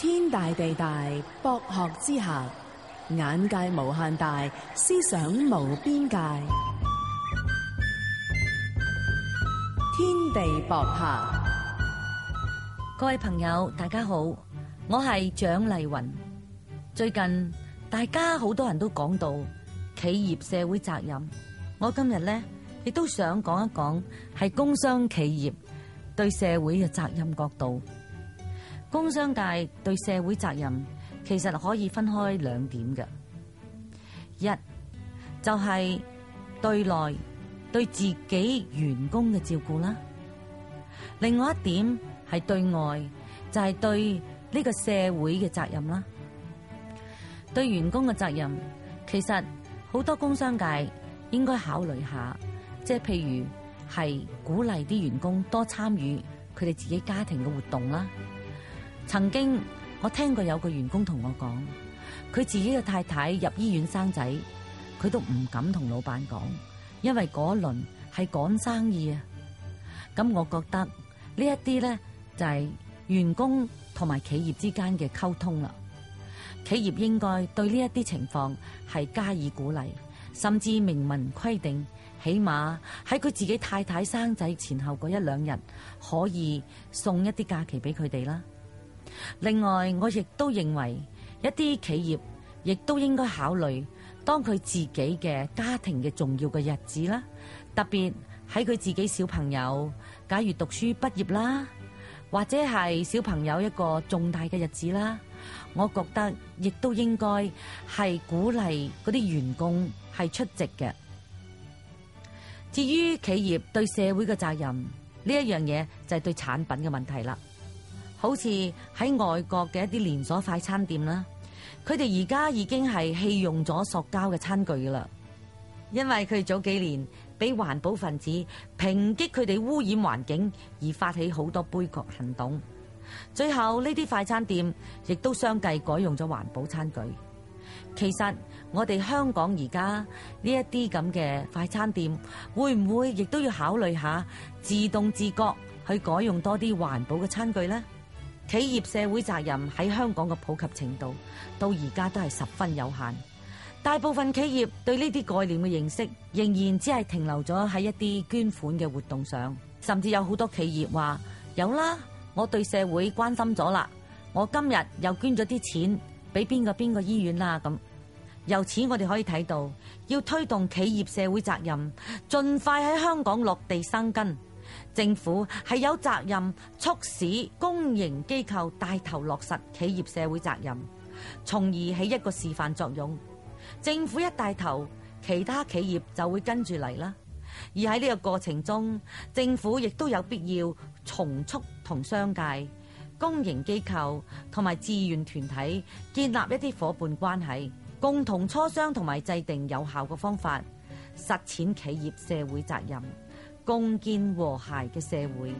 天大地大，博學之下眼界無限大，思想無邊界。天地博客，各位朋友大家好，我係蔣麗芸。最近大家好多人都講到企業社會責任，我今日咧亦都想講一講係工商企業對社會嘅責任角度。工商界對社會責任其實可以分開兩點嘅，一就係對內對自己員工嘅照顧啦，另外一點係對外就係對呢個社會嘅責任啦。對員工嘅責任，其實好多工商界應該考慮下，即係譬如係鼓勵啲員工多參與佢哋自己家庭嘅活動啦。曾經我聽過有個員工同我講，佢自己嘅太太入醫院生仔，佢都唔敢同老闆講，因為嗰輪係趕生意啊。咁我覺得這些呢一啲咧就係、是、員工同埋企業之間嘅溝通啦。企業應該對呢一啲情況係加以鼓勵，甚至明文規定，起碼喺佢自己太太生仔前後嗰一兩日，可以送一啲假期俾佢哋啦。另外，我亦都認為一啲企業亦都應該考慮，當佢自己嘅家庭嘅重要嘅日子啦，特別喺佢自己小朋友，假如讀書畢業啦，或者係小朋友一個重大嘅日子啦，我覺得亦都應該係鼓勵嗰啲員工係出席嘅。至於企業對社會嘅責任呢一樣嘢，就係對產品嘅問題啦。好似喺外國嘅一啲連鎖快餐店啦，佢哋而家已經係棄用咗塑膠嘅餐具噶啦，因為佢哋早幾年俾環保分子抨擊佢哋污染環境而發起好多杯葛行動，最後呢啲快餐店亦都相繼改用咗環保餐具。其實我哋香港而家呢一啲咁嘅快餐店，會唔會亦都要考慮下自動自覺去改用多啲環保嘅餐具呢？企業社會責任喺香港嘅普及程度，到而家都係十分有限。大部分企業對呢啲概念嘅認識，仍然只係停留咗喺一啲捐款嘅活動上，甚至有好多企業話：有啦，我對社會關心咗啦，我今日又捐咗啲錢俾邊個邊個醫院啦。咁由此我哋可以睇到，要推動企業社會責任，盡快喺香港落地生根。政府係有責任促使公營機構帶頭落實企業社會責任，從而起一個示範作用。政府一帶頭，其他企業就會跟住嚟啦。而喺呢個過程中，政府亦都有必要從速同商界、公營機構同埋志願團體建立一啲伙伴關係，共同磋商同埋制定有效嘅方法，實踐企業社會責任。共建和諧嘅社會。